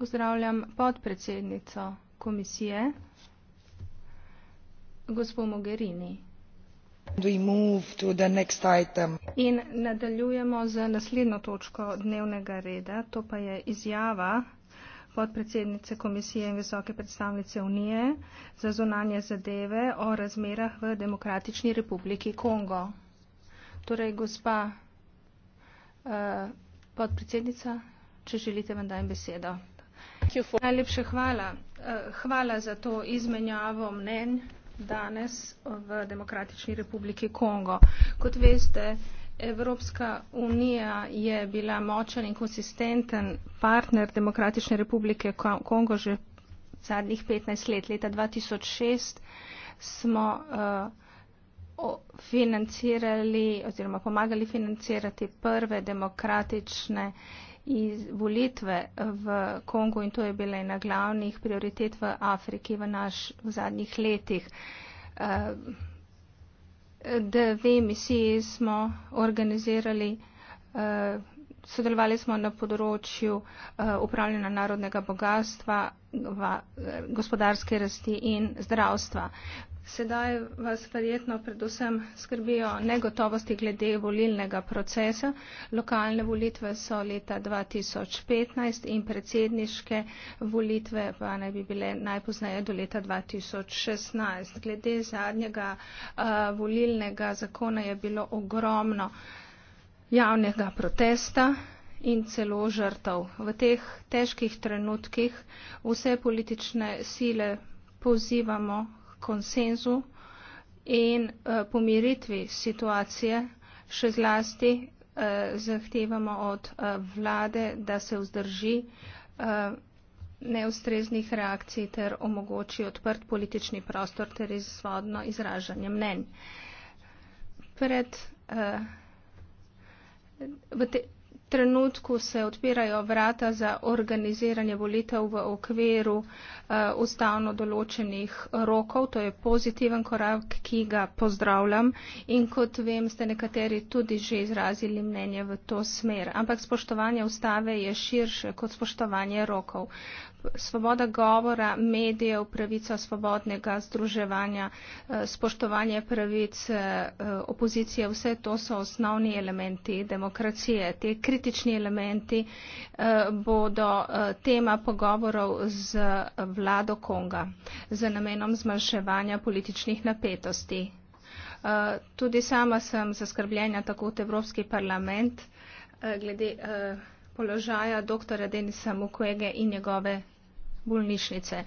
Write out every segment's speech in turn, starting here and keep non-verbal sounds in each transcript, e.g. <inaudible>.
Pozdravljam podpredsednico komisije, gospod Mogherini. In nadaljujemo z naslednjo točko dnevnega reda, to pa je izjava podpredsednice komisije in visoke predstavnice Unije za zunanje zadeve o razmerah v Demokratični republiki Kongo. Torej, gospa eh, podpredsednica, če želite, vam dajem besedo. Najlepša hvala. Eh, hvala za to izmenjavo mnenj danes v Demokratični republiki Kongo. Kot veste, Evropska unija je bila močen in konsistenten partner Demokratične republike Kongo že zadnjih 15 let. Leta 2006 smo uh, financirali oziroma pomagali financirati prve demokratične iz volitve v Kongu in to je bila ena glavnih prioritet v Afriki v naš v zadnjih letih. Eh, dve misiji smo organizirali eh, sodelovali smo na področju eh, upravljanja narodnega bogatstva, eh, gospodarske rasti in zdravstva. Sedaj vas verjetno predvsem skrbijo negotovosti glede volilnega procesa. Lokalne volitve so leta 2015 in predsedniške volitve pa naj bi bile najpoznaje do leta 2016. Glede zadnjega uh, volilnega zakona je bilo ogromno uh, javnega protesta in celo žrtev. V teh težkih trenutkih vse politične sile pozivamo k konsenzu in eh, pomiritvi situacije, še zlasti eh, zahtevamo od eh, vlade, da se vzdrži eh, neustreznih reakcij ter omogoči odprt politični prostor ter izvodno izražanje mnenj. Pred eh, v te trenutku se odpirajo vrata za organiziranje volitev v okviru uh, ustavno določenih rokov. To je pozitiven korak, ki ga pozdravljam in kot vem, ste nekateri tudi že izrazili mnenje v to smer. Ampak spoštovanje ustave je širše kot spoštovanje rokov svoboda govora, medijev, pravica svobodnega združevanja, eh, spoštovanje pravic eh, opozicije, vse to so osnovni elementi demokracije. Te kritični elementi eh, bodo tema pogovorov z vlado Konga z namenom zmanjševanja političnih napetosti. Tudi sama sem zaskrbljena tako kot Evropski parlament glede položaja dr. Denisa Mukwege in njegove bolnišnice.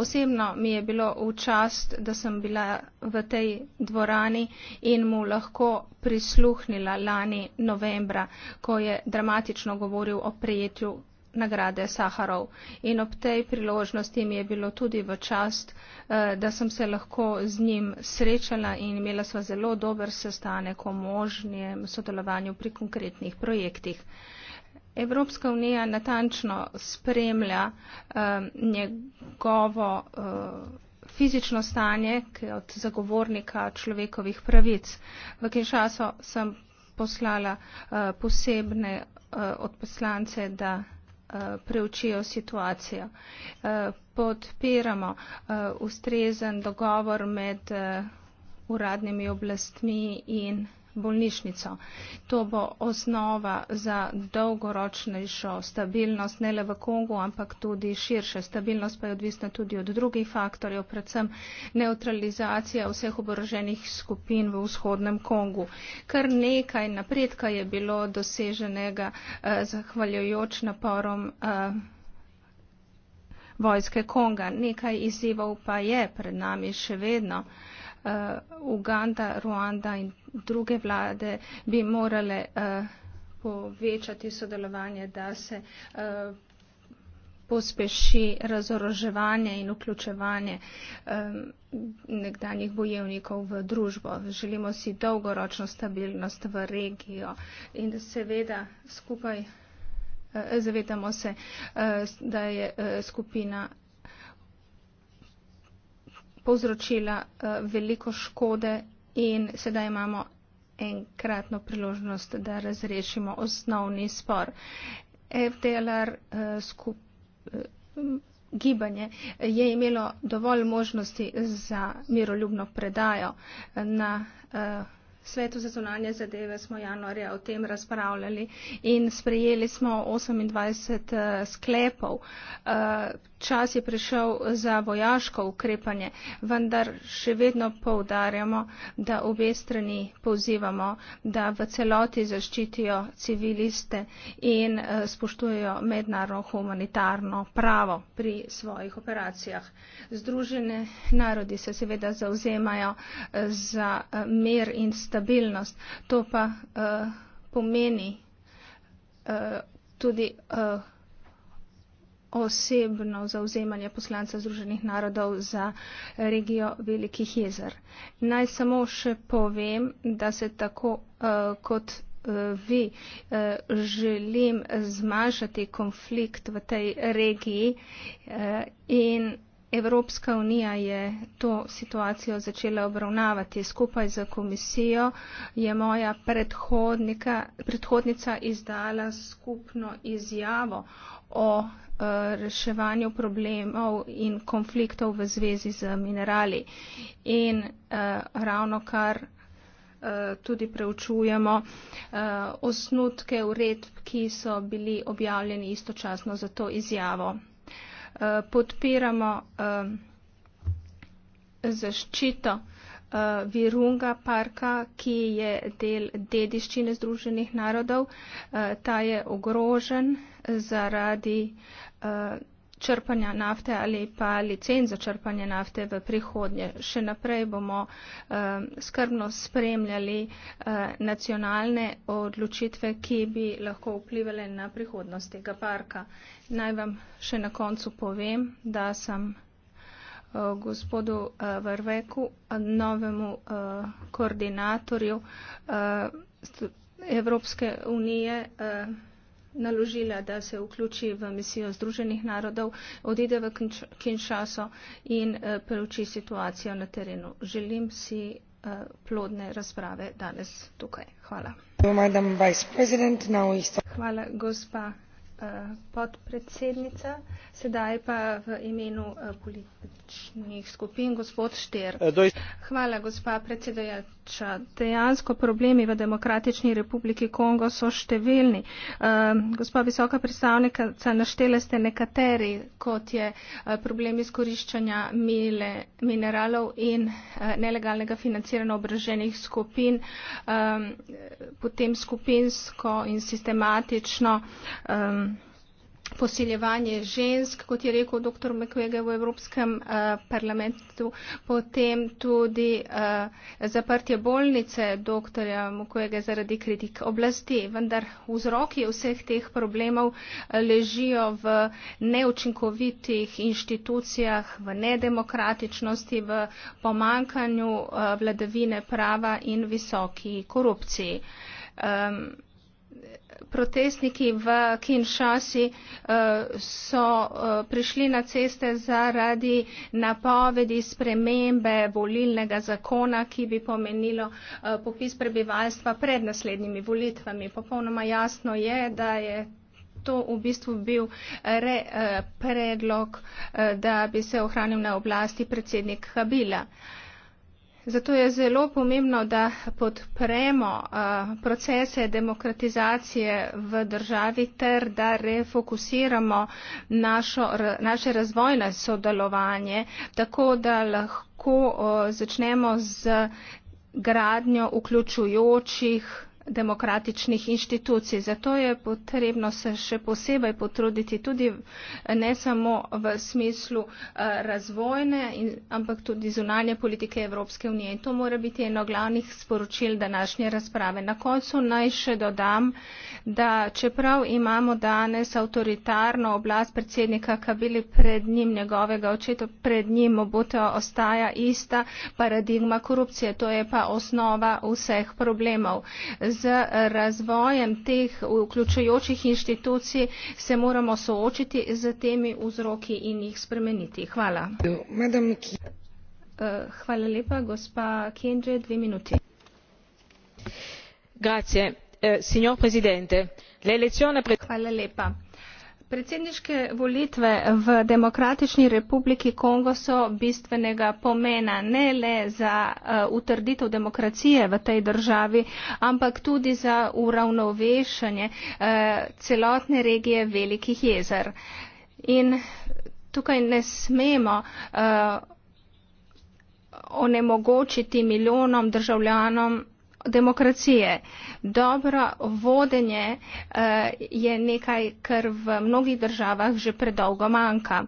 Osebno mi je bilo v čast, da sem bila v tej dvorani in mu lahko prisluhnila lani novembra, ko je dramatično govoril o prijetju nagrade Saharov. In ob tej priložnosti mi je bilo tudi v čast, eh, da sem se lahko z njim srečala in imela sva zelo dober sestanek o možnjem sodelovanju pri konkretnih projektih. Evropska unija natančno spremlja uh, njegovo uh, fizično stanje kot zagovornika človekovih pravic. V Kinshaso sem poslala uh, posebne uh, odposlance, da uh, preučijo situacijo. Uh, podpiramo uh, ustrezen dogovor med uh, uradnimi oblastmi in bolnišnico. To bo osnova za dolgoročnejšo stabilnost ne le v Kongu, ampak tudi širše. Stabilnost pa je odvisna tudi od drugih faktorjev, predvsem neutralizacija vseh oboroženih skupin v vzhodnem Kongu. Kar nekaj napredka je bilo doseženega eh, zahvaljujoč naporom. Eh, Vojske Konga. Nekaj izzivov pa je pred nami še vedno uh, Uganda, Ruanda in druge vlade bi morale uh, povečati sodelovanje, da se uh, pospeši razoroževanje in vključevanje um, nekdanjih bojevnikov v družbo. Želimo si dolgoročno stabilnost v regijo in seveda skupaj uh, zavedamo se, uh, da je uh, skupina povzročila eh, veliko škode in sedaj imamo enkratno priložnost, da razrešimo osnovni spor. FDLR eh, skup, eh, gibanje je imelo dovolj možnosti za miroljubno predajo na svetu za zunanje zadeve smo januarja o tem razpravljali in sprejeli smo 28 eh, sklepov. Eh, čas je prišel za vojaško ukrepanje, vendar še vedno poudarjamo, da obe strani pozivamo, da v celoti zaščitijo civiliste in eh, spoštujejo mednarodno humanitarno pravo pri svojih operacijah. Združene narodi se seveda zauzemajo za mer in stabilnost stabilnost. To pa uh, pomeni uh, tudi uh, osebno zauzemanje poslanca Združenih narodov za regijo Velikih jezer. Naj samo še povem, da se tako uh, kot. Vi želim zmanjšati konflikt v tej regiji in Evropska unija je to situacijo začela obravnavati skupaj z komisijo, je moja predhodnica izdala skupno izjavo o uh, reševanju problemov in konfliktov v zvezi z minerali. In uh, ravno kar uh, tudi preučujemo uh, osnutke uredb, ki so bili objavljeni istočasno za to izjavo. Eh, podpiramo eh, zaščito eh, Virunga parka, ki je del dediščine Združenih narodov. Ta je ogrožen zaradi črpanja nafte ali pa licenc za črpanje nafte v prihodnje. Še naprej bomo eh, skrbno spremljali eh, nacionalne odločitve, ki bi lahko vplivali na prihodnost tega parka. Naj vam še na koncu povem, da sem eh, gospodu eh, Vrveku, novemu eh, koordinatorju Evropske unije naložila, da se vključi v misijo Združenih narodov, odide v Kinshaso in eh, preuči situacijo na terenu. Želim si eh, plodne razprave danes tukaj. Hvala. Hvala, gospa. Eh, podpredsednica, sedaj pa v imenu eh, političnih skupin gospod Šter. Eh, Hvala, gospa predsedajača. Dejansko problemi v Demokratični republiki Kongo so številni. Gospa visoka predstavnica, naštele ste nekateri, kot je problem izkoriščanja mile, mineralov in nelegalnega financiranja obraženih skupin, potem skupinsko in sistematično posiljevanje žensk, kot je rekel dr. Mekvege v Evropskem eh, parlamentu, potem tudi eh, zaprtje bolnice dr. Mekvege zaradi kritik oblasti. Vendar vzroki vseh teh problemov eh, ležijo v neučinkovitih inštitucijah, v nedemokratičnosti, v pomankanju vladavine prava in visoki korupciji. Ehm, protestniki v Kinshasi eh, so eh, prišli na ceste zaradi napovedi spremembe volilnega zakona, ki bi pomenilo eh, popis prebivalstva pred naslednjimi volitvami. Popolnoma jasno je, da je. To v bistvu bil re, predlog, da bi se ohranil na oblasti predsednik Kabila. Zato je zelo pomembno, da podpremo procese demokratizacije v državi ter da refokusiramo našo, naše razvojno sodelovanje, tako da lahko začnemo z gradnjo vključujočih demokratičnih inštitucij. Zato je potrebno se še posebej potruditi tudi ne samo v smislu eh, razvojne, ampak tudi zunanje politike Evropske unije. In to mora biti eno glavnih sporočil današnje razprave. Na koncu naj še dodam, da čeprav imamo danes avtoritarno oblast predsednika Kabili pred njim, njegovega očeta pred njim, obuta ostaja ista paradigma korupcije. To je pa osnova vseh problemov z razvojem teh vključujočih inštitucij se moramo soočiti z temi vzroki in jih spremeniti. Hvala. Eh, hvala lepa, gospa Kendre, dve minuti. Grazie. Eh, signor Presidente, l'elezione pre- Hvala lepa. Predsedniške volitve v Demokratični republiki Kongo so bistvenega pomena ne le za uh, utrditev demokracije v tej državi, ampak tudi za uravnovešanje uh, celotne regije Velikih jezer. In tukaj ne smemo uh, onemogočiti milijonom državljanom demokracije. Dobro vodenje eh, je nekaj, kar v mnogih državah že predolgo manjka.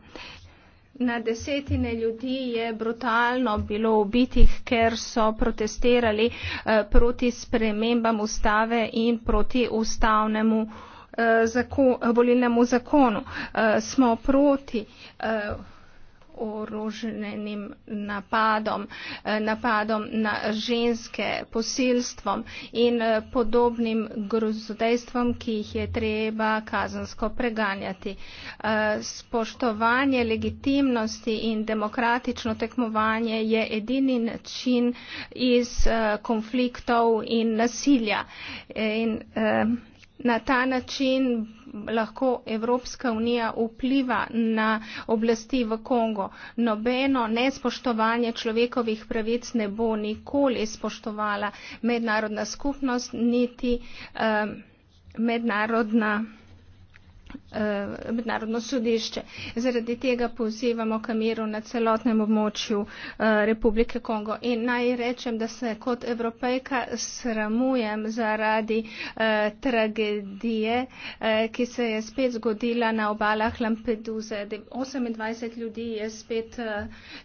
Na desetine ljudi je brutalno bilo ubitih, ker so protestirali eh, proti spremembam ustave in proti ustavnemu eh, zakon, volilnemu zakonu. Smo proti oroženim napadom, eh, napadom na ženske, posilstvom in eh, podobnim grozodejstvom, ki jih je treba kazansko preganjati. Eh, spoštovanje legitimnosti in demokratično tekmovanje je edini način iz konfliktov in nasilja. In na ta način lahko Evropska unija vpliva na oblasti v Kongo. Nobeno nespoštovanje človekovih pravic ne bo nikoli spoštovala mednarodna skupnost, niti eh, mednarodna. Eh, mednarodno sodišče. Zaradi tega pozivamo k miru na celotnem območju eh, Republike Kongo. In naj rečem, da se kot evropejka sramujem zaradi eh, tragedije, ki se je spet zgodila na obalah Lampeduze. 28 ljudi je spet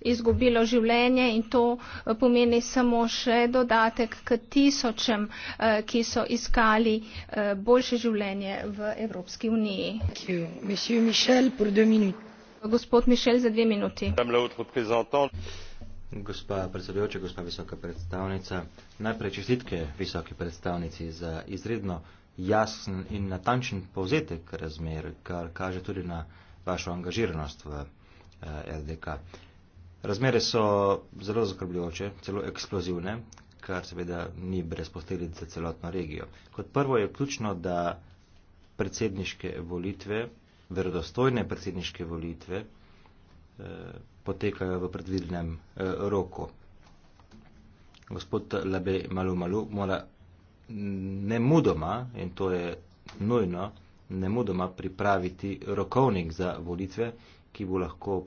izgubilo življenje in to pomeni samo še dodatek k tisočem, ki so iskali boljše življenje v Evropski uniji madame la haute représentante gospa predsedujoča gospa visoka predstavnica najprej čestitke visoki predstavnici za izredno jasen in natančen povzetek razmer kar kaže tudi na vašo angažiranost v LDK. Eh, Razmere so zelo zaskrbljujoče, celo eksplozivne, kar seveda ni brez posledic za celotno regijo. Kot prvo je ključno, da predsedniške volitve, verodostojne predsedniške volitve, eh, potekajo v predvidenem eh, roku. Gospod Labe Malu Malu mora nemudoma, in to je nujno, nemudoma pripraviti rokovnik za volitve, ki bo lahko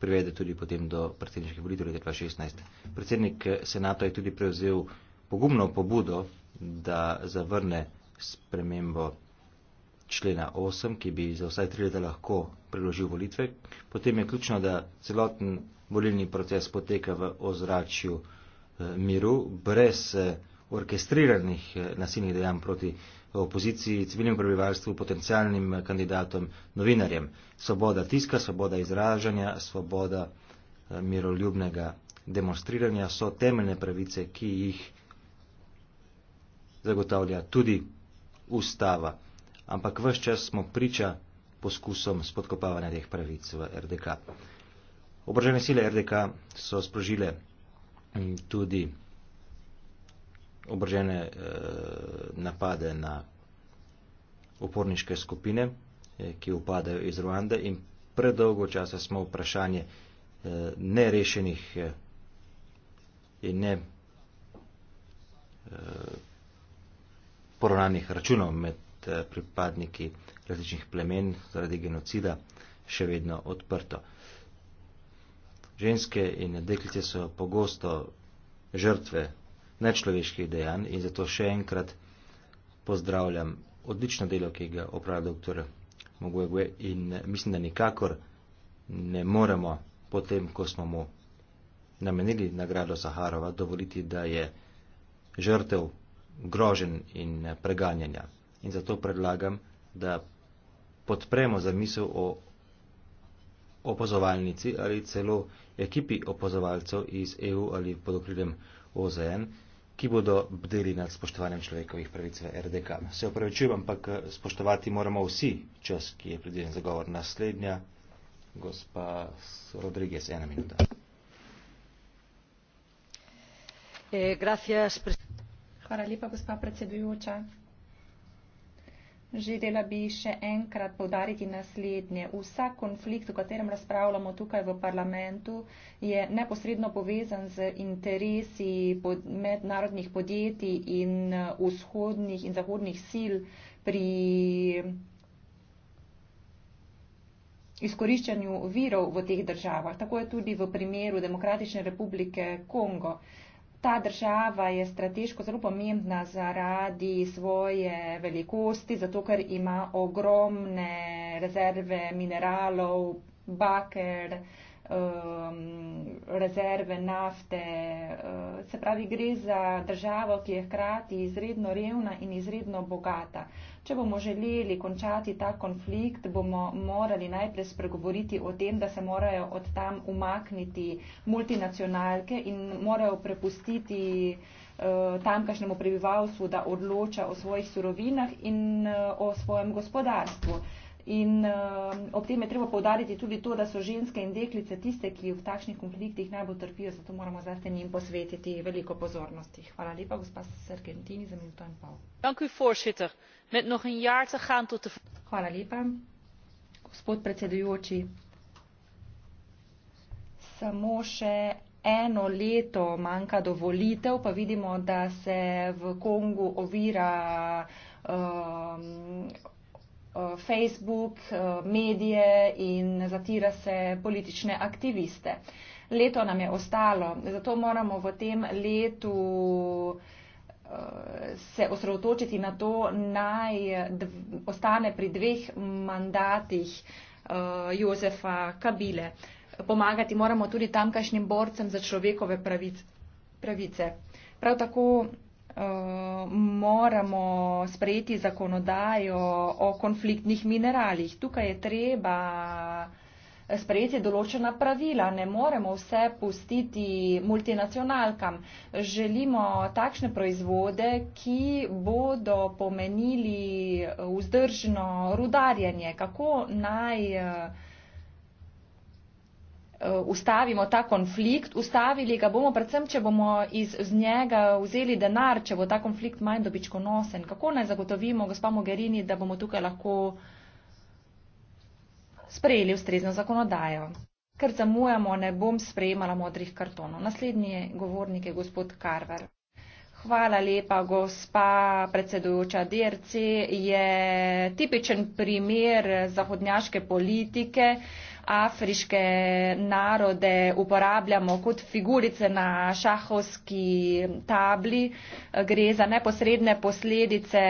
privede tudi potem do predsedniških volitev leta 2016. Predsednik eh, senata je tudi prevzel pogumno pobudo, da zavrne spremembo člena 8, ki bi za vsaj tri leta lahko preložil volitve, potem je ključno, da celoten volilni proces poteka v ozračju eh, miru, brez eh, orkestriranih eh, nasilnih dejanj proti opoziciji, civilnemu prebivalstvu, potencialnim kandidatom, novinarjem. Svoboda tiska, svoboda izražanja, svoboda miroljubnega demonstriranja so temeljne pravice, ki jih zagotavlja tudi ustava ampak vse čas smo priča poskusom spodkopavanja teh pravic v RDK. Obražene sile RDK so sprožile mm, tudi obražene eh, napade na uporniške skupine, eh, ki upadajo iz Ruande in predolgo časa smo vprašanje eh, nerešenih eh, in ne eh, poravnanih računov med Eh, pripadniki različnih plemen zaradi genocida še vedno odprto. Ženske in deklice so pogosto žrtve nečloveških dejanj in zato še enkrat pozdravljam odlično delo, ki ga opravlja dr. Mogojegue in eh, mislim, da nikakor ne moremo potem, ko smo mu namenili nagrado Saharova, dovoliti, da je žrtev grožen in eh, preganjanja in zato predlagam, da podpremo zamisel o opazovalnici ali celo ekipi opazovalcev iz EU ali pod okriljem OZN, ki bodo bdeli nad spoštovanjem človekovih pravic v RDK. Se upravičujem, ampak eh, spoštovati moramo vsi čas, ki je predviden za govor. Naslednja, gospa Rodriguez, ena minuta. Eh, Hvala lepa, gospa predsedujoča. Želela bi še enkrat povdariti naslednje. Vsak konflikt, o katerem razpravljamo tukaj v parlamentu, je neposredno povezan z interesi mednarodnih podjetij in uh, vzhodnih in zahodnih sil pri izkoriščanju virov v teh državah. Tako je tudi v primeru Demokratične republike Kongo. Ta država je strateško zelo pomembna zaradi svoje velikosti, zato ker ima ogromne rezerve mineralov, baker, eh, um, rezerve nafte. Uh, se pravi, gre za državo, ki je hkrati izredno revna in izredno bogata. Če bomo želeli končati ta konflikt, bomo morali najprej spregovoriti o tem, da se morajo od tam umakniti multinacionalke in morajo prepustiti uh, tamkajšnjemu prebivalstvu, da odloča o svojih surovinah in uh, o svojem gospodarstvu. In uh, ob tem je treba povdariti tudi to, da so ženske in deklice tiste, ki v takšnih konfliktih najbolj trpijo, zato moramo zase njim posvetiti veliko pozornosti. Hvala lepa, gospa Sergentini, za minuto in pol. Hvala lepa, gospod predsedujoči. Samo še eno leto manjka do volitev, pa vidimo, da se v Kongu ovira. Um, Eh, Facebook, eh, medije in zatira se politične aktiviste. Leto nam je ostalo, zato moramo v tem letu eh, se osredotočiti na to, naj ostane pri dveh mandatih Jozefa Kabile. Pomagati moramo tudi tamkajšnjim borcem za človekove pravice. Prav tako Eh, moramo sprejeti zakonodajo o konfliktnih mineralih. Tukaj je treba sprejeti določena pravila. Ne moremo vse pustiti multinacionalkam. Želimo takšne proizvode, ki bodo pomenili vzdržno rudarjanje. Kako naj uh, Eh, ustavimo ta konflikt. Ustavili ga bomo predvsem, če bomo iz, iz njega vzeli denar, če bo ta konflikt manj dobičkonosen. Kako naj zagotovimo, gospa Mogherini, da bomo tukaj lahko sprejeli ustrezno zakonodajo? Ker zamujamo, ne bom sprejemala modrih kartonov. Naslednji govornik je gospod Karver. Hvala lepa, gospa predsedujoča DRC. Je tipičen primer zahodnjaške politike. Afriške narode uporabljamo kot figurice na šahovski tabli. Gre za neposredne posledice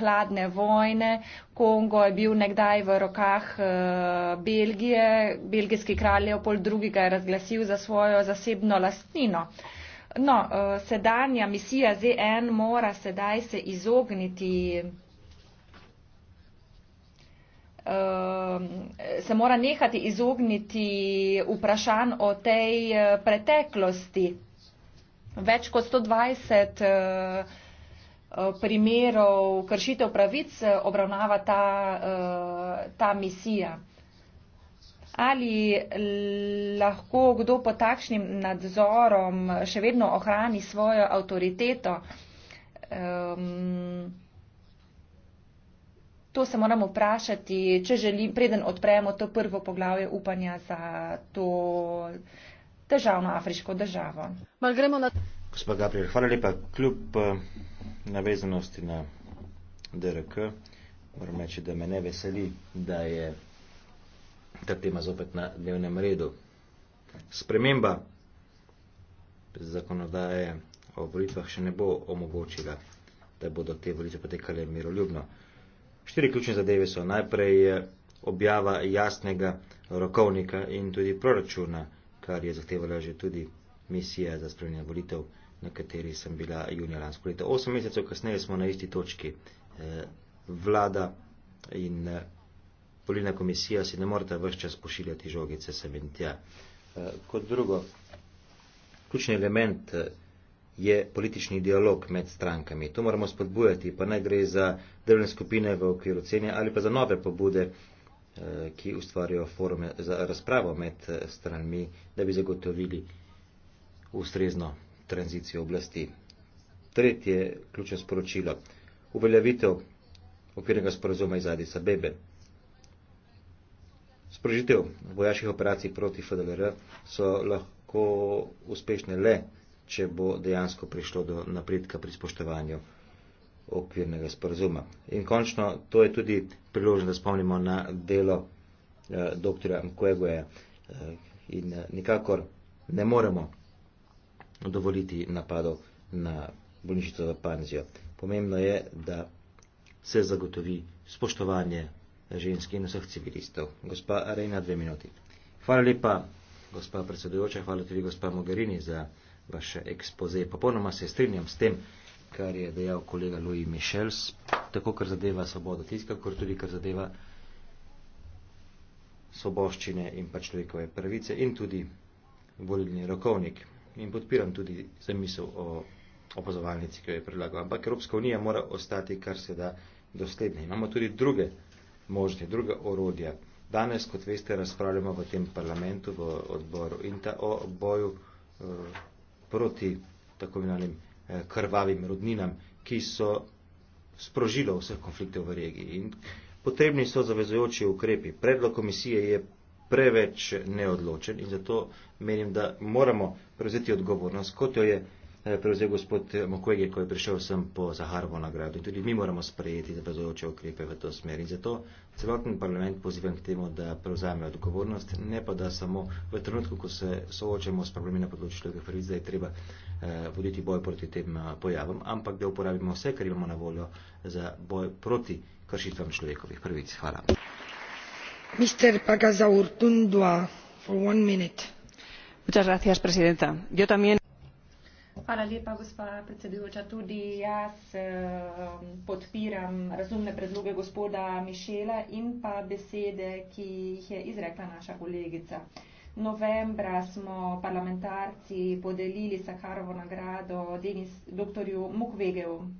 hladne vojne. Kongo je bil nekdaj v rokah eh, Belgije. Belgijski kralj Leopold II. ga je razglasil za svojo zasebno lastnino. No, eh, sedanja misija ZN mora sedaj se izogniti eh, se mora nehati izogniti vprašanj o tej eh, preteklosti. Več kot 120 primerov kršitev pravic obravnava ta, ta misija. Ali lahko kdo pod takšnim nadzorom še vedno ohrani svojo avtoriteto? Um, to se moramo vprašati, če želim, preden odpremo to prvo poglavje upanja za to težavno afriško državo. Na... Gospod Gabriel, hvala lepa. Kljub eh, navezanosti na DRK, moram reči, da me ne veseli, da je ta tema zopet na dnevnem redu. Sprememba zakonodaje o volitvah še ne bo omogočila, da bodo te volitve potekale miroljubno. Štiri ključne zadeve so najprej objava jasnega rokovnika in tudi proračuna, kar je zahtevala že tudi misija za spremljanje volitev, na kateri sem bila junija lansko leto. Osem mesecev kasneje smo na isti točki. Eh, vlada in eh, volilna komisija si ne morete vse čas pošiljati žogice sem in tja. Eh, kot drugo, ključni element eh, je politični dialog med strankami. To moramo spodbujati, pa ne gre za delovne skupine v okviru cene ali pa za nove pobude, eh, ki ustvarjajo forume za razpravo med stranmi, da bi zagotovili ustrezno tranzicijo oblasti. Tretje ključno sporočilo. Uveljavitev okvirnega sporazuma iz Adisa Bebe. Sprožitev vojaških operacij proti FDLR so lahko uspešne le, če bo dejansko prišlo do napredka pri spoštovanju okvirnega sporazuma. In končno, to je tudi priložen, da spomnimo na delo eh, dr. Mkwegoja eh, in eh, nikakor ne moremo dovoliti napadov na bolnišnico v Panzijo. Pomembno je, da se zagotovi spoštovanje ženski in vseh civilistov. Gospa Arena, dve minuti. Hvala lepa, gospa predsedujoča, hvala tudi gospa Mogherini za vaš ekspoze. Popolnoma se strinjam s tem, kar je dejal kolega Louis Michels, tako kar zadeva svobodo tiska, kot tudi kar zadeva svoboščine in pa človekove pravice in tudi volilni rokovnik. In podpiram tudi zamisel o opazovalnici, ki jo je predlagal. Ampak Evropska unija mora ostati kar se da dosledna. Imamo tudi druge možne druga orodja. Danes, kot veste, razpravljamo v tem parlamentu, v odboru in ta o boju eh, proti tako imenovanim eh, krvavim rodninam, ki so sprožile vse konflikte v regiji. In potrebni so zavezujoči ukrepi. Predlog komisije je preveč neodločen in zato menim, da moramo prevzeti odgovornost, kot jo je. Eh, prevzel gospod Mukwege, ko je prišel sem po Zaharovo nagrado. In tudi mi moramo sprejeti zavezujoče ukrepe v to smer. In zato celoten parlament pozivam k temu, da prevzame odgovornost, ne pa da samo v trenutku, ko se soočamo s problemi na področju človekovih pravic, da je treba eh, voditi boj proti tem eh, pojavom, ampak da uporabimo vse, kar imamo na voljo za boj proti kršitvam človekovih pravic. Hvala. Mr. Pagazaur, Tundua, for one minute. Muchas gracias, Presidenta. Yo también. Hvala lepa, gospa predsedujoča. Tudi jaz eh, podpiram razumne predloge gospoda Mišela in pa besede, ki jih je izrekla naša kolegica. Novembra smo parlamentarci podelili Sakarovo nagrado Denis, dr. Mukvegeju. Um,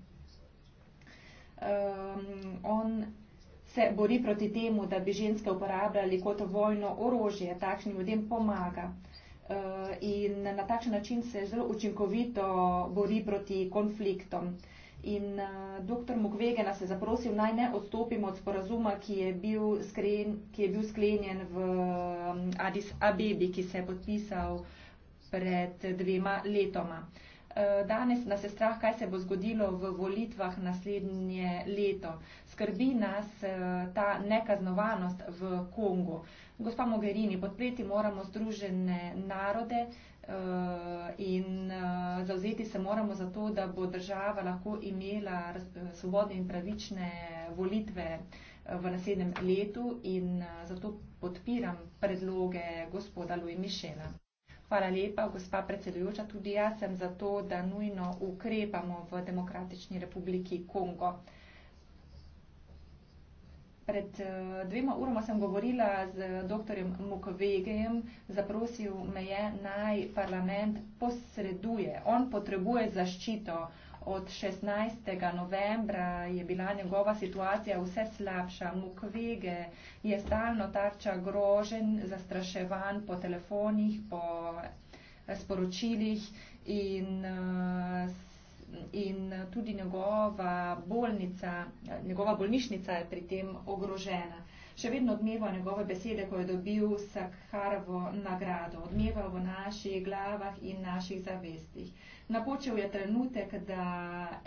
ehm, on se bori proti temu, da bi ženske uporabljali kot vojno orožje, takšnim ljudem pomaga. Eh, in na takšen način se zelo učinkovito bori proti konfliktom. In uh, eh, dr. Mukwege nas je zaprosil, naj ne odstopimo od sporazuma, ki je bil, skren, ki je bil sklenjen v eh, Addis Abebi, ki se je podpisal pred dvema letoma. Danes nas je strah, kaj se bo zgodilo v volitvah naslednje leto. Skrbi nas ta nekaznovanost v Kongu. Gospa Mogherini, podpreti moramo združene narode eh, in eh, zauzeti se moramo za to, da bo država lahko imela eh, svobodne in pravične volitve v naslednjem letu in zato podpiram predloge gospoda Louis Michela. Hvala lepa, gospa predsedujoča, tudi jaz sem za to, da nujno ukrepamo v Demokratični republiki Kongo. Pred eh, dvema uroma sem govorila z dr. Mukvegejem, zaprosil me je, naj parlament posreduje. On potrebuje zaščito. Od 16. novembra je bila njegova situacija vse slabša. Mukvege je stalno tarča grožen, zastraševan po telefonih, po eh, sporočilih in uh, in eh, tudi njegova bolnica, eh, njegova bolnišnica je pri tem ogrožena še vedno odmeva njegove besede, ko je dobil Sakharovo nagrado, odmeva v naših glavah in naših zavestih. Napočil je trenutek, da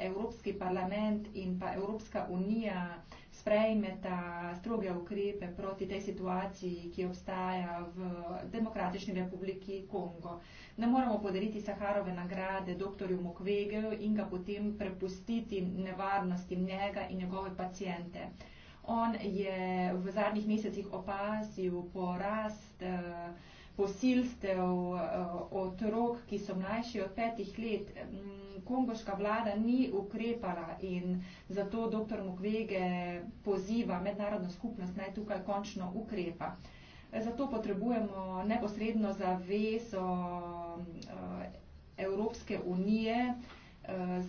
Evropski parlament in pa Evropska unija sprejmeta stroge ukrepe proti tej situaciji, ki obstaja v Demokratični republiki Kongo. Ne moramo podariti Saharove nagrade dr. Mukwege in ga potem prepustiti nevarnostim njega in njegove pacijente. On je v zadnjih mesecih opazil porast eh, posilstev eh, otrok, ki so mlajši od petih let. Mm, kongoška vlada ni ukrepala in zato dr. Mukwege poziva mednarodno skupnost naj tukaj končno ukrepa. Zato potrebujemo neposredno zaveso eh, Evropske unije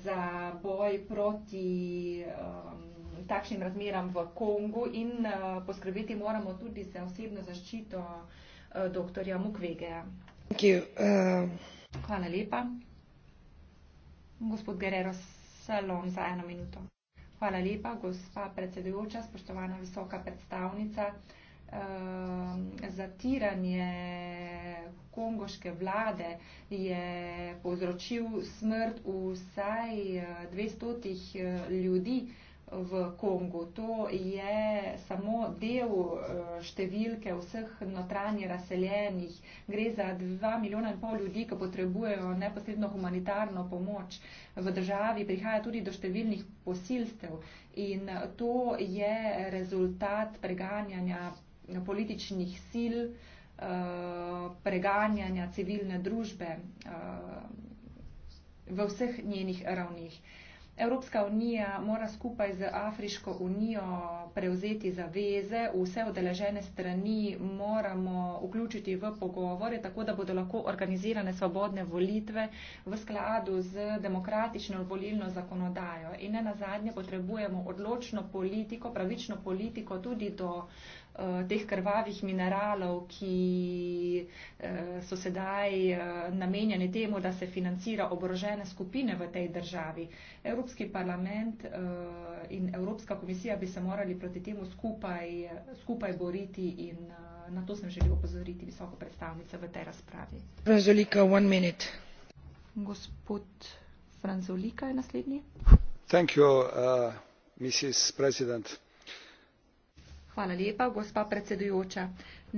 za boj proti um, takšnim razmeram v Kongu in eh, poskrbeti moramo tudi za osebno zaščito eh, dr. Mukvegeja. Uh... Eh. Hvala lepa. Gospod Guerrero Salom za eno minuto. Hvala lepa, gospa predsedujoča, spoštovana visoka predstavnica. Zatiranje kongoške vlade je povzročil smrt vsaj 200 ljudi, v Kongu. To je samo del eh, številke vseh notranje razseljenih. Gre za dva milijona in pol ljudi, ki potrebujejo neposredno humanitarno pomoč. V državi prihaja tudi do številnih posilstev in to je rezultat preganjanja političnih sil, eh, preganjanja civilne družbe eh, v vseh njenih ravnih. Evropska unija mora skupaj z Afriško unijo prevzeti zaveze, vse odeležene strani moramo vključiti v pogovore, tako da bodo lahko organizirane svobodne volitve v skladu z demokratično volilno zakonodajo. In ne na zadnje potrebujemo odločno politiko, pravično politiko tudi do Eh, teh krvavih mineralov, ki eh, so sedaj eh, namenjeni temu, da se financira oborožene skupine v tej državi. Evropski parlament in Evropska komisija bi se morali proti temu skupaj, skupaj boriti in na to sem želel opozoriti visoko predstavnico v tej razpravi. Franzolika, one minute. Gospod Franzolika je naslednji. Thank you, uh, Mrs. President. Hvala lepa, gospa predsedujoča.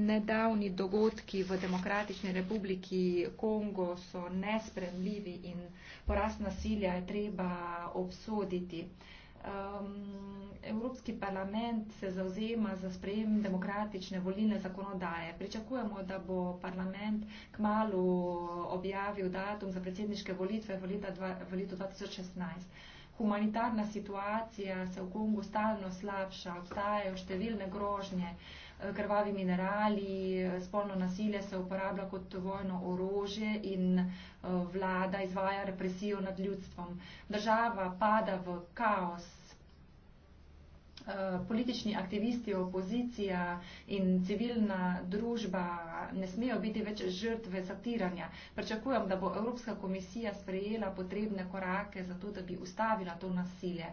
Nedavni dogodki v Demokratični republiki Kongo so nespremljivi in porast nasilja je treba obsoditi. Um, Evropski parlament se zauzema za sprejem demokratične volilne zakonodaje. Pričakujemo, da bo parlament kmalo objavil datum za predsedniške volitve v, leta dva, v letu 2016 humanitarna situacija se v Kongu stalno slabša, obstajajo številne grožnje, eh, krvavi minerali, eh, spolno nasilje se uporablja kot vojno orožje in eh, vlada izvaja represijo nad ljudstvom. Država pada v kaos, Eh, politični aktivisti, opozicija in civilna družba ne smejo biti več žrtve zatiranja. Pričakujem, da bo Evropska komisija sprejela potrebne korake za to, da bi ustavila to nasilje.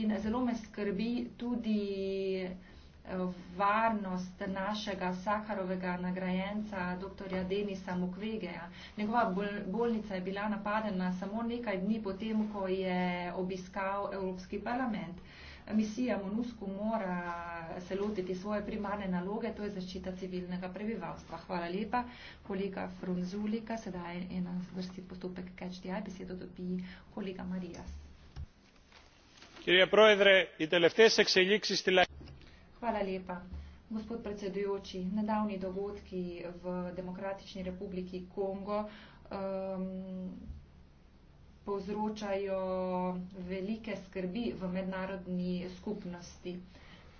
In zelo me skrbi tudi eh, varnost našega Saharovega nagrajenca, dr. Denisa Mukvegeja. Njegova bolnica je bila napadena samo nekaj dni potem, ko je obiskal Evropski parlament. Uh, Misija MONUSKO mora se lotiti svoje primarne naloge, to je zaščita civilnega prebivalstva. Hvala lepa. Kolega Frunzulika, sedaj je na vrsti postopek KHDI, besedo dobi kolega Marijas. Hvala lepa. Gospod predsedujoči, nedavni dogodki v Demokratični republiki Kongo um, povzročajo velike skrbi v mednarodni skupnosti.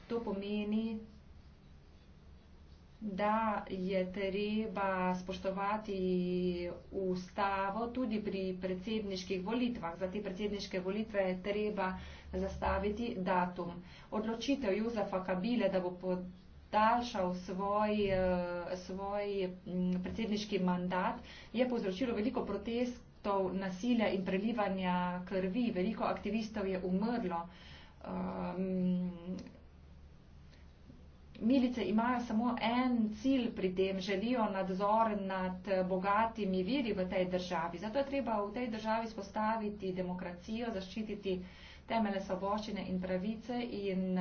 To pomeni, da je treba spoštovati ustavo tudi pri predsedniških volitvah. Za te predsedniške volitve je treba zastaviti datum. Odločitev Jozefa Kabile, da bo podaljšal svoj, eh, svoj mm, predsedniški mandat, je povzročilo veliko protest aktov nasilja in prelivanja krvi. Veliko aktivistov je umrlo. Um, milice imajo samo en cilj pri tem, želijo nadzor nad bogatimi viri v tej državi. Zato je treba v tej državi spostaviti demokracijo, zaščititi temele svoboščine in pravice in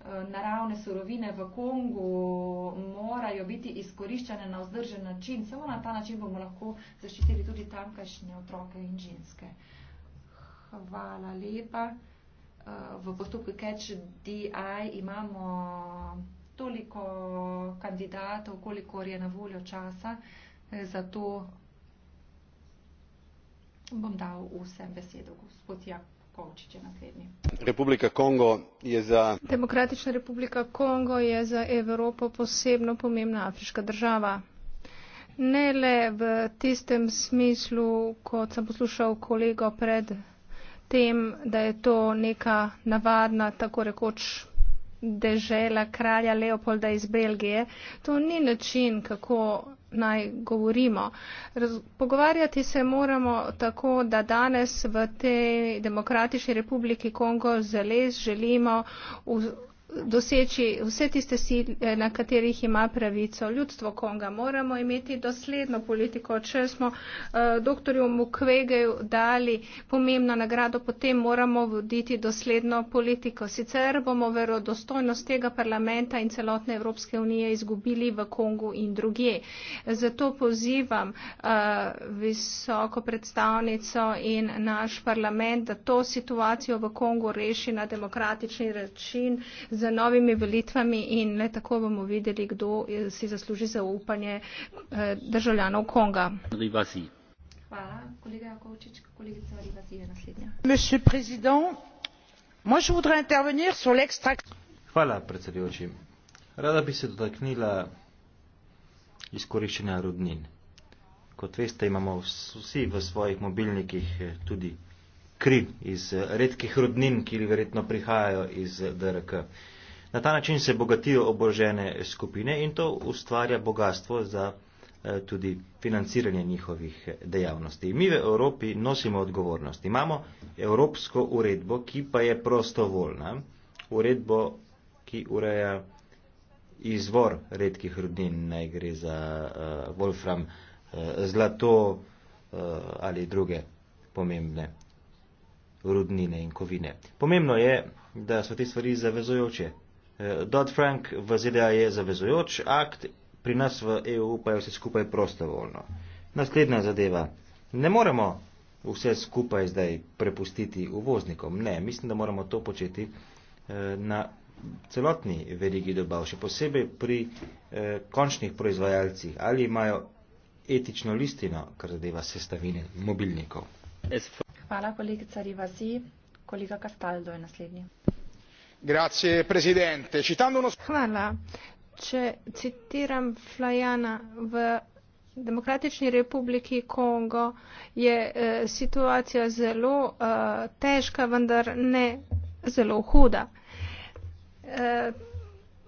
Eh, naravne surovine v Kongu morajo biti izkoriščene na vzdržen način. Samo na ta način bomo lahko zaščitili tudi tamkajšnje otroke in ženske. Hvala lepa. Eh, v postopku Catch DI imamo toliko kandidatov, kolikor je na voljo časa, eh, zato bom dal vsem besedo, gospod Jakob demokratična republika kongo je za evropo posebno pomembna afriška država ne le v tistem smislu kot sem poslušal kolego pred tem da je to neka navadna tako rekoč dežela kralja leopolda iz belgije to ni način kako naj govorimo. Raz, pogovarjati se moramo tako, da danes v tej demokratični republiki Kongo zelo želimo doseči vse tiste sile, na katerih ima pravico ljudstvo Konga. Moramo imeti dosledno politiko. Če smo eh, dr. Mukwegeju dali pomembno nagrado, potem moramo voditi dosledno politiko. Sicer bomo verodostojnost tega parlamenta in celotne Evropske unije izgubili v Kongu in drugje. Zato pozivam eh, visoko predstavnico in naš parlament, da to situacijo v Kongu reši na demokratični račin z novimi volitvami in le tako bomo videli, kdo si zasluži zaupanje eh, državljanov Konga. Rivasi. Hvala. Kolega Jakovčič, kolegica Rivasi je naslednja. Hvala, predsedujoči. Rada bi se dotaknila izkoriščenja rudnin. Kot veste, imamo vsi v svojih mobilnikih eh, tudi kri, iz eh, redkih rodnin, ki verjetno prihajajo iz eh, DRK. Na ta način se bogatijo obožene skupine in to ustvarja bogatstvo za eh, tudi financiranje njihovih dejavnosti. Mi v Evropi nosimo odgovornost. Imamo evropsko uredbo, ki pa je prostovoljna, uredbo, ki ureja izvor redkih rodnin, naj gre za uh, Wolfram uh, zlato uh, ali druge pomembne rudnine in kovine. Pomembno je, da so te stvari zavezojoče. Eh, Dodd Frank v ZDA je zavezojoč akt, pri nas v EU pa je vse skupaj prostovoljno. Naslednja zadeva. Ne moremo vse skupaj zdaj prepustiti uvoznikom. Ne, mislim, da moramo to početi eh, na celotni verigi dobav, še posebej pri eh, končnih proizvajalcih, ali imajo etično listino, kar zadeva sestavine mobilnikov. Hvala, kolegica Rivasi. Kolega Castaldo je naslednji. Grazie, presidente. Uno... Hvala. Če citiram Flajana v Demokratični republiki Kongo je e, situacija zelo e, težka, vendar ne zelo huda. E,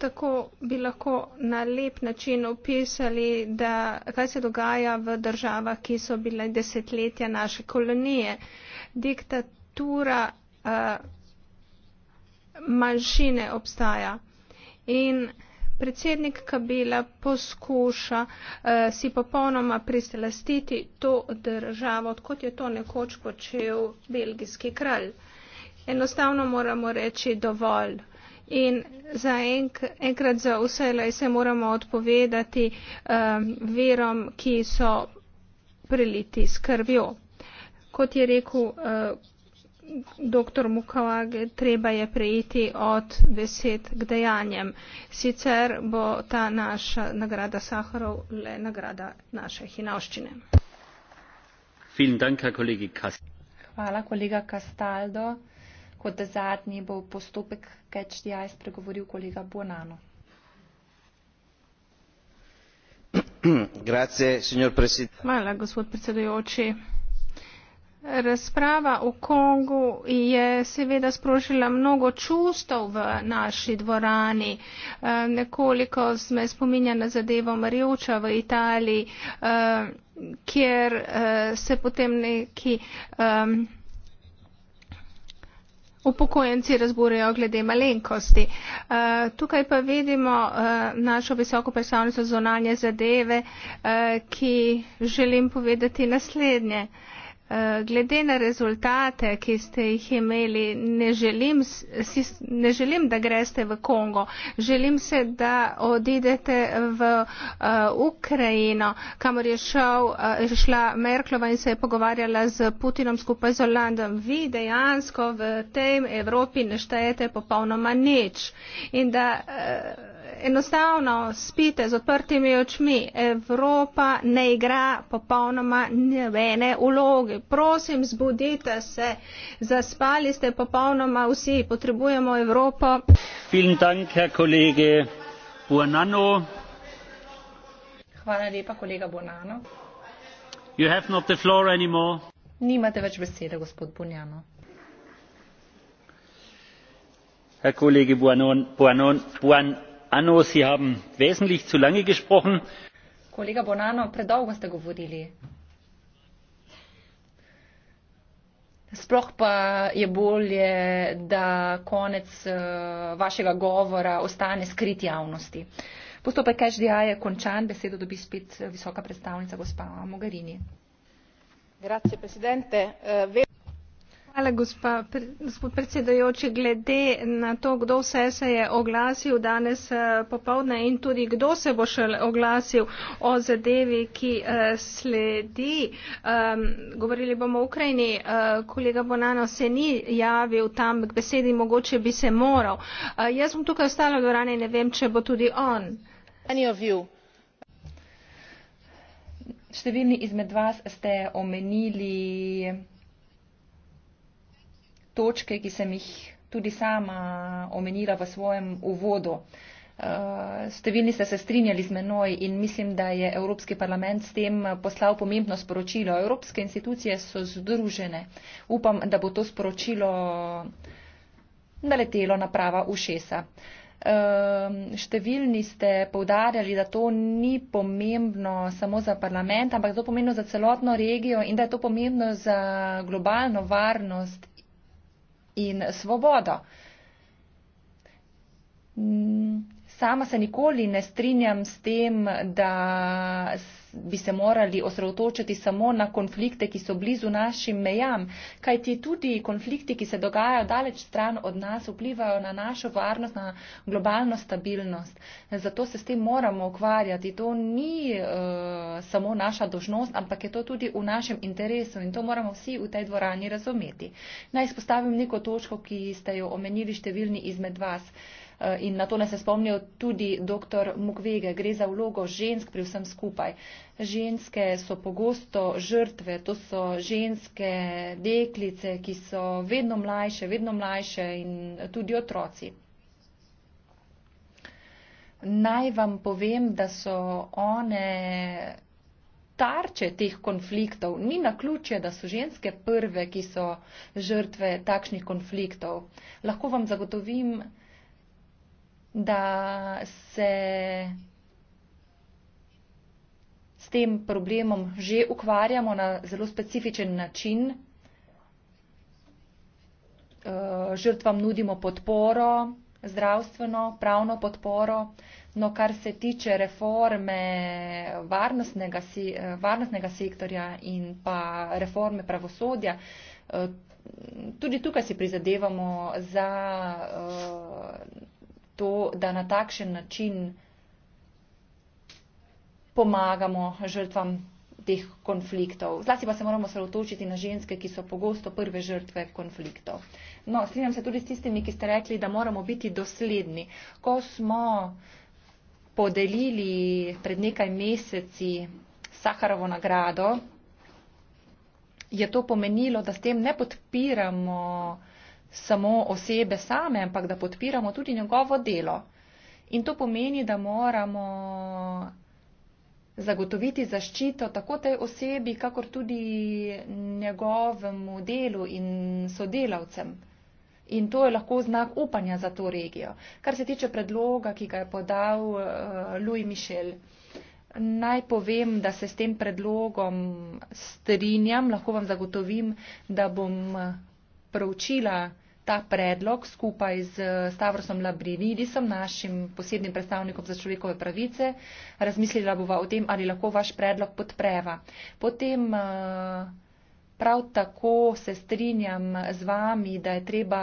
tako bi lahko na lep način opisali, da, kaj se dogaja v državah, ki so bile desetletja naše kolonije. E, diktatura eh, manjšine obstaja. In predsednik Kabila poskuša uh, si popolnoma pristelastiti to državo, kot je to nekoč počel belgijski kralj. Enostavno moramo reči dovolj. In za enk, enkrat za vse se moramo odpovedati um, verom, ki so preliti skrbjo kot je rekel eh, dr. Mukavage, treba je prejiti od besed k dejanjem. Sicer bo ta naša nagrada Saharov le nagrada naše hinavščine. Hvala, kolega Castaldo. Kot zadnji bo postopek Catch-DI spregovoril kolega Bonano. <clears throat> Hvala, gospod predsedujoči. Razprava v Kongu je seveda sprožila mnogo čustov v naši dvorani. Eh, nekoliko me spominja na zadevo Marjoča v Italiji, eh, kjer eh, se potem neki upokojenci razburjajo glede malenkosti. Tukaj pa vidimo našo visoko predstavnico zonanje zadeve, ki želim povedati naslednje glede na rezultate, ki ste jih imeli, ne želim, si, ne želim, da greste v Kongo. Želim se, da odidete v uh, Ukrajino, kamor je šel, uh, šla Merklova in se je pogovarjala z Putinom skupaj z Olandom. Vi dejansko v tem Evropi ne štejete popolnoma nič. In da, uh, enostavno spite z odprtimi očmi. Evropa ne igra popolnoma nobene vloge. Prosim, zbudite se, zaspali ste popolnoma vsi, potrebujemo Evropo. Hvala lepa, kolega Bonano. Nimate več besede, gospod Bonjano. Herr Kollege Buanon, Buanon, Buanon bonanno sie haben wesentlich zu lange gesprochen. kollega bonanno predolgo ste govorili. Sploh pa je bolje, da konec uh, vašega govora ostane skrit javnosti. Postopek HDI je končan, besedo dobi spet eh, visoka predstavnica gospa Mogarini. Grazie, Hvala, gospa, gospod predsedajoči. Glede na to, kdo vse se je oglasil danes eh, popovdne in tudi kdo se bo še oglasil o zadevi, ki eh, sledi. Um, govorili bomo o Ukrajini. Uh, kolega Bonano se ni javil tam k besedi, mogoče bi se moral. Uh, jaz bom tukaj ostala v dvorani, ne vem, če bo tudi on. Številni izmed vas ste omenili točke, ki sem jih tudi sama omenila v svojem uvodu. Eh, številni ste se strinjali z menoj in mislim, da je Evropski parlament s tem poslal pomembno sporočilo. Evropske institucije so združene. Upam, da bo to sporočilo naletelo na prava ušesa. Ehm, številni ste povdarjali, da to ni pomembno samo za parlament, ampak to pomembno za celotno regijo in da je to pomembno za globalno varnost in svobodo. Mm, sama se nikoli ne strinjam s tem, da se bi se morali osredotočiti samo na konflikte, ki so blizu našim mejam, kajti tudi konflikti, ki se dogajajo daleč stran od nas, vplivajo na našo varnost, na globalno stabilnost. Zato se s tem moramo ukvarjati. To ni uh, samo naša dožnost, ampak je to tudi v našem interesu in to moramo vsi v tej dvorani razumeti. Naj izpostavim neko točko, ki ste jo omenili številni izmed vas. Uh, Eh, in na to nas je spomnil tudi dr. Mukvege. Gre za vlogo žensk pri vsem skupaj. Ženske so pogosto žrtve, to so ženske deklice, ki so vedno mlajše, vedno mlajše in tudi otroci. Naj vam povem, da so one tarče teh konfliktov. Ni na ključje, da so ženske prve, ki so žrtve takšnih konfliktov. Lahko vam zagotovim, da se s tem problemom že ukvarjamo na zelo specifičen način. Eh, žrtvam nudimo podporo, zdravstveno, pravno podporo, no kar se tiče reforme varnostnega, varnostnega sektorja in pa reforme pravosodja, eh, tudi tukaj si prizadevamo za eh, to, da na takšen način pomagamo žrtvam teh konfliktov. Zlasti pa se moramo sredotočiti na ženske, ki so pogosto prve žrtve konfliktov. No, strinjam se tudi s tistimi, ki ste rekli, da moramo biti dosledni. Ko smo podelili pred nekaj meseci Saharovo nagrado, je to pomenilo, da s tem ne podpiramo samo osebe same, ampak da podpiramo tudi njegovo delo. In to pomeni, da moramo zagotoviti zaščito tako tej osebi, kakor tudi njegovemu delu in sodelavcem. In to je lahko znak upanja za to regijo. Kar se tiče predloga, ki ga je podal eh, Louis Michel, naj povem, da se s tem predlogom strinjam, lahko vam zagotovim, da bom proučila ta predlog skupaj z Stavrosom Labrinidisom, našim posebnim predstavnikom za človekove pravice, razmislila bova o tem, ali lahko vaš predlog podpreva. Potem eh, prav tako se strinjam z vami, da je treba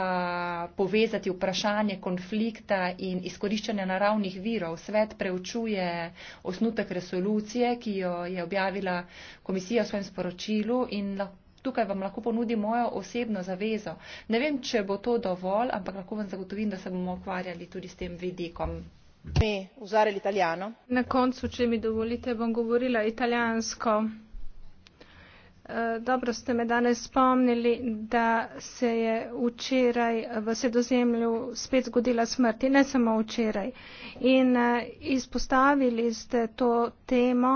povezati vprašanje konflikta in izkoriščanja naravnih virov. Svet preučuje osnutek resolucije, ki jo je objavila komisija v svojem sporočilu in lahko tukaj vam lahko ponudim mojo osebno zavezo. Ne vem, če bo to dovolj, ampak lahko vam zagotovim, da se bomo ukvarjali tudi s tem vidikom. Na koncu, če mi dovolite, bom govorila italijansko. Eh, dobro ste me danes spomnili, da se je včeraj v sredozemlju spet zgodila smrti, ne samo včeraj. In eh, izpostavili ste to temo,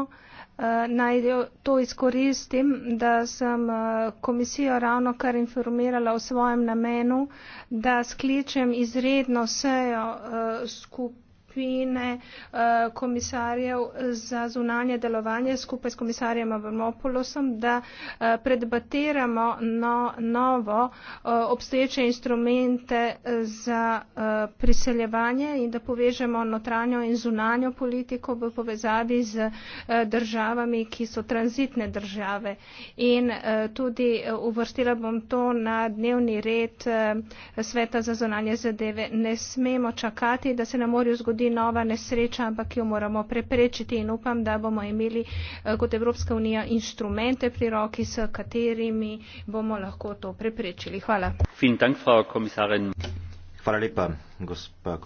Eh, naj to izkoristim, da sem eh, komisijo ravno kar informirala o svojem namenu, da skličem izredno sejo skupaj. Eh, skupine eh, komisarjev za zunanje delovanje skupaj s komisarjem Avramopolosom, da eh, predbatiramo no, novo eh, obstoječe instrumente za priseljevanje in da povežemo notranjo in zunanjo politiko v povezavi z državami, ki so tranzitne države. In tudi uvrstila bom to na dnevni red Sveta za zunanje zadeve. Ne smemo čakati, da se na morju zgodi zgodi nova nesreča, ampak jo moramo preprečiti in upam, da bomo imeli eh, kot Evropska unija inštrumente pri roki, s katerimi bomo lahko to preprečili. Hvala. Hvala lepa, gospa komisarka.